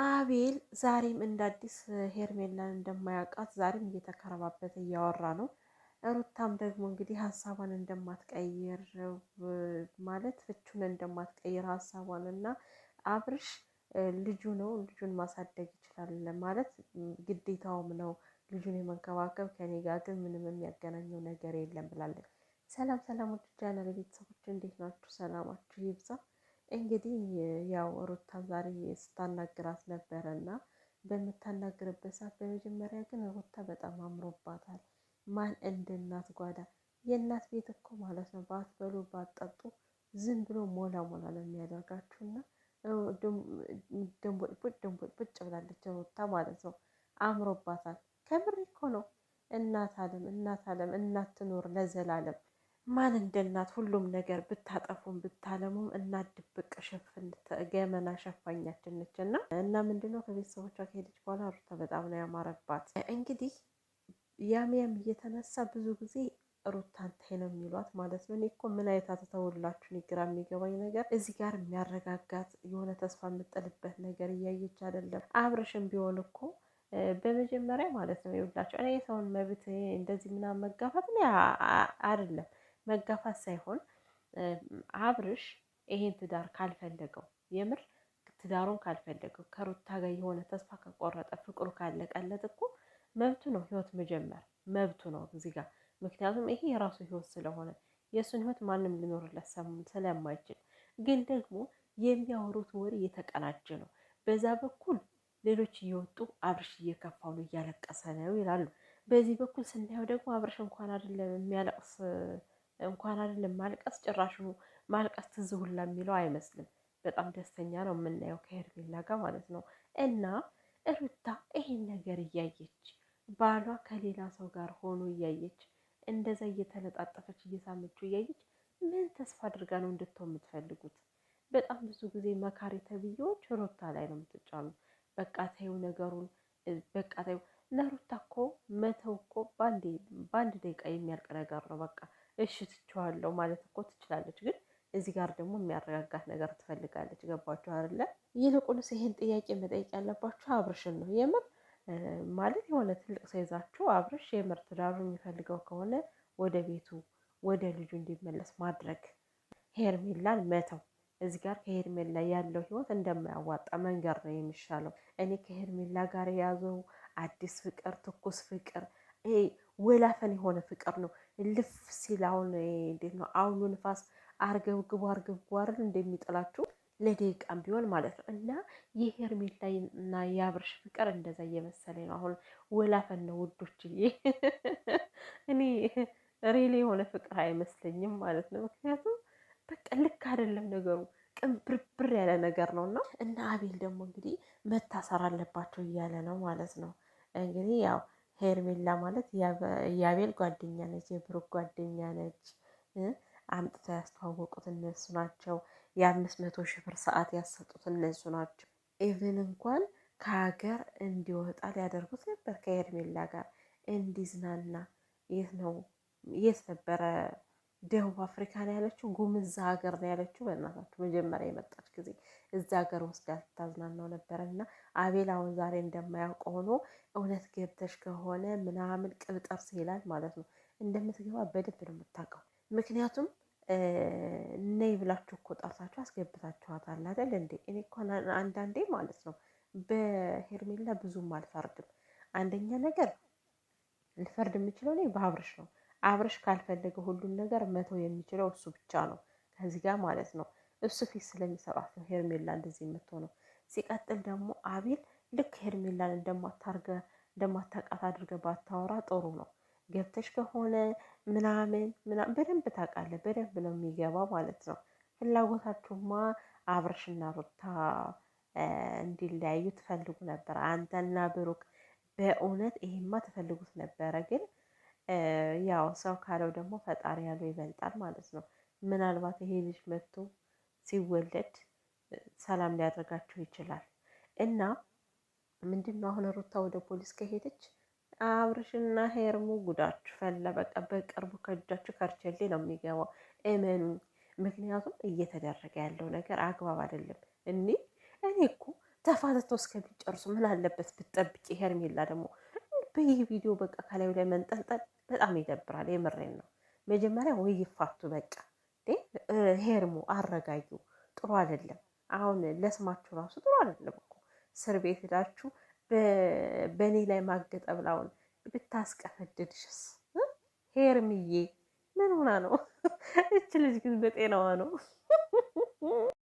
አቤል ዛሬም እንደ አዲስ ሄርሜላን እንደማያውቃት ዛሬም እየተከረባበት እያወራ ነው። ሩታም ደግሞ እንግዲህ ሀሳቧን እንደማትቀይር ማለት ፍቹን እንደማትቀይር ሀሳቧን እና አብርሽ ልጁ ነው ልጁን ማሳደግ ይችላል ማለት ግዴታውም ነው ልጁን የመንከባከብ ከኔ ጋር ግን ምንም የሚያገናኘው ነገር የለም ብላለች። ሰላም ሰላም፣ ውድ ቻናል ቤተሰቦች እንዴት ናችሁ? ሰላማችሁ ይብዛ። እንግዲህ ያው ሩታ ዛሬ ስታናግራት ነበረ እና በምታናግርበት ሰዓት በመጀመሪያ ግን ሩታ በጣም አምሮባታል። ማን እንደ እናት ጓዳ የእናት ቤት እኮ ማለት ነው። ባትበሉ ባትጠጡ ዝም ብሎ ሞላ ሞላ ነው የሚያደርጋችሁ እና ደንቦጭ ደንቦጭ ብላለች ሩታ ማለት ነው። አምሮባታል። ከምር እኮ ነው። እናት አለም እናት አለም እናት ትኖር ለዘላለም። ማን እንደ እናት ሁሉም ነገር ብታጠፉም ብታለሙም እናት ድብቅ ሸፍን ገመና ሸፋኛችን ነች እና እና ምንድነው ከቤተሰቦቿ ከሄደች በኋላ ሩታ በጣም ነው ያማረባት። እንግዲህ ያምያም እየተነሳ ብዙ ጊዜ ሩታን ታይ ነው የሚሏት ማለት ነው። እኔ እኮ ምን አይነት አተተውላችሁ ግራ የሚገባኝ ነገር እዚህ ጋር የሚያረጋጋት የሆነ ተስፋ የምጥልበት ነገር እያየች አይደለም። አብረሽም ቢሆን እኮ በመጀመሪያ ማለት ነው ይውላቸው እኔ የሰውን መብት እንደዚህ ምናምን መጋፋት አይደለም መጋፋት ሳይሆን አብርሽ ይሄን ትዳር ካልፈለገው የምር ትዳሩን ካልፈለገው ከሩታ ጋር የሆነ ተስፋ ከቆረጠ ፍቅሩ ካለቀለት እኮ መብቱ ነው ህይወት መጀመር መብቱ ነው እዚህ ጋር። ምክንያቱም ይሄ የራሱ ህይወት ስለሆነ የእሱን ህይወት ማንም ሊኖርለት ስለማይችል፣ ግን ደግሞ የሚያወሩት ወሬ የተቀናጀ ነው። በዛ በኩል ሌሎች እየወጡ አብርሽ እየከፋው ነው እያለቀሰ ነው ይላሉ። በዚህ በኩል ስናየው ደግሞ አብርሽ እንኳን አይደለም የሚያለቅስ እንኳን አይደለም ማልቀስ ጭራሹ ማልቀስ ትዝ ሁላ የሚለው አይመስልም። በጣም ደስተኛ ነው የምናየው ከሄርሜላ ጋር ማለት ነው። እና ሩታ ይሄን ነገር እያየች ባሏ ከሌላ ሰው ጋር ሆኖ እያየች እንደዛ እየተለጣጠፈች እየሳመች እያየች ምን ተስፋ አድርጋ ነው እንድትሆን የምትፈልጉት? በጣም ብዙ ጊዜ መካሪ ተብዬዎች ሩታ ላይ ነው የምትጫሉ። በቃ ተይው ነገሩን፣ በቃ ተይው። ለሩታ እኮ መተው እኮ በአንድ ደቂቃ የሚያልቅ ነገር ነው በቃ እሺ ትችዋለሁ ማለት እኮ ትችላለች፣ ግን እዚህ ጋር ደግሞ የሚያረጋጋት ነገር ትፈልጋለች። ገባችሁ አይደለ? ይልቁንስ ይህን ጥያቄ መጠየቅ ያለባችሁ አብርሽን ነው። የምር ማለት የሆነ ትልቅ ሰው አብርሽ የምር ትዳሩ የሚፈልገው ከሆነ ወደ ቤቱ ወደ ልጁ እንዲመለስ ማድረግ፣ ሄርሜላን መተው። እዚህ ጋር ከሄርሜላ ያለው ህይወት እንደማያዋጣ መንገድ ነው የሚሻለው። እኔ ከሄርሜላ ጋር የያዘው አዲስ ፍቅር ትኩስ ፍቅር ወላፈን የሆነ ፍቅር ነው። ልፍ ሲል አሁን እንዴት ነው አሁኑ ንፋስ አርገብግቦ አርገብግቦ አይደል እንደሚጥላችሁ ለደቂቃም ቢሆን ማለት ነው። እና ላይ እና የአብርሽ ፍቅር እንደዛ እየመሰለ ነው። አሁን ወላፈን ነው ውዶችዬ። እኔ ሬሌ የሆነ ፍቅር አይመስለኝም ማለት ነው። ምክንያቱም በቃ ልክ አይደለም ነገሩ ቅንብርብር ያለ ነገር ነው እና እና አቤል ደግሞ እንግዲህ መታሰር አለባቸው እያለ ነው ማለት ነው እንግዲህ ያው ሄርሜላ ማለት የአቤል ጓደኛ ነች፣ የብሩክ ጓደኛ ነች። አምጥተው ያስተዋወቁት እነሱ ናቸው። የአምስት መቶ ሺህ ብር ሰዓት ያሰጡት እነሱ ናቸው። ኢቭን እንኳን ከሀገር እንዲወጣ ሊያደርጉት ነበር ከሄርሜላ ጋር እንዲዝናና። የት ነው የት ነበረ ደቡብ አፍሪካ ነው ያለችው፣ ጉም ሀገር ነው ያለችው። በእናታችሁ መጀመሪያ የመጣች ጊዜ እዛ ሀገር ወስዳ ስታዝናናው ነበረ እና አቤል አሁን ዛሬ እንደማያውቅ ሆኖ እውነት ገብተሽ ከሆነ ምናምን ቅብጠርስ ይላል ማለት ነው። እንደምትገባ በደንብ ነው የምታውቀው። ምክንያቱም ነይ ብላችሁ እኮ ጠርታችሁ አስገብታችኋታል አይደል እንዴ? እኔ እኮ አንዳንዴ ማለት ነው በሄርሜላ ብዙም አልፈርድም። አንደኛ ነገር ልፈርድ የምችለው እኔ በአብርሽ ነው አብረሽ ካልፈለገ ሁሉን ነገር መተው የሚችለው እሱ ብቻ ነው፣ ከዚህ ጋር ማለት ነው። እሱ ፊት ስለሚሰራ ነው ሄርሜላ እንደዚህ የምትሆነው። ሲቀጥል ደግሞ አቤል ልክ ሄርሜላን እንደማታርገ እንደማታቃት አድርገ ባታወራ ጥሩ ነው። ገብተሽ ከሆነ ምናምን ምናምን በደንብ ታውቃለህ፣ በደንብ ነው የሚገባ ማለት ነው። ፍላጎታችሁማ አብረሽና ሩታ እንዲለያዩ ትፈልጉ ነበር፣ አንተና ብሩክ በእውነት ይሄማ ትፈልጉት ነበረ ግን ያው ሰው ካለው ደግሞ ፈጣሪ ያለው ይበልጣል ማለት ነው። ምናልባት ይሄ ልጅ መጥቶ ሲወለድ ሰላም ሊያደርጋቸው ይችላል። እና ምንድን ነው አሁን ሩታ ወደ ፖሊስ ከሄደች አብርሽና ሄርሙ ጉዳችሁ ፈላ። በቃ በቅርቡ ከእጃችሁ ከርቸሌ ነው የሚገባው፣ እመኑ። ምክንያቱም እየተደረገ ያለው ነገር አግባብ አይደለም። እኒ እኔ እኮ ተፋተቶ እስከሚጨርሱ ምን አለበት ብትጠብቂ። ሄርሜላ ደግሞ በይህ ቪዲዮ በቃ ከላዩ ላይ መንጠልጠል በጣም ይደብራል። የምሬን ነው። መጀመሪያ ወይ ይፋቱ በቃ። ሄርሙ አረጋዩ ጥሩ አይደለም። አሁን ለስማችሁ ራሱ ጥሩ አይደለም እኮ እስር ቤት ሄዳችሁ በእኔ ላይ ማገጠ ብላውን ብታስቀፈድድሽስ? ሄርምዬ ምን ሆና ነው? እች ልጅ ግን በጤናዋ ነው።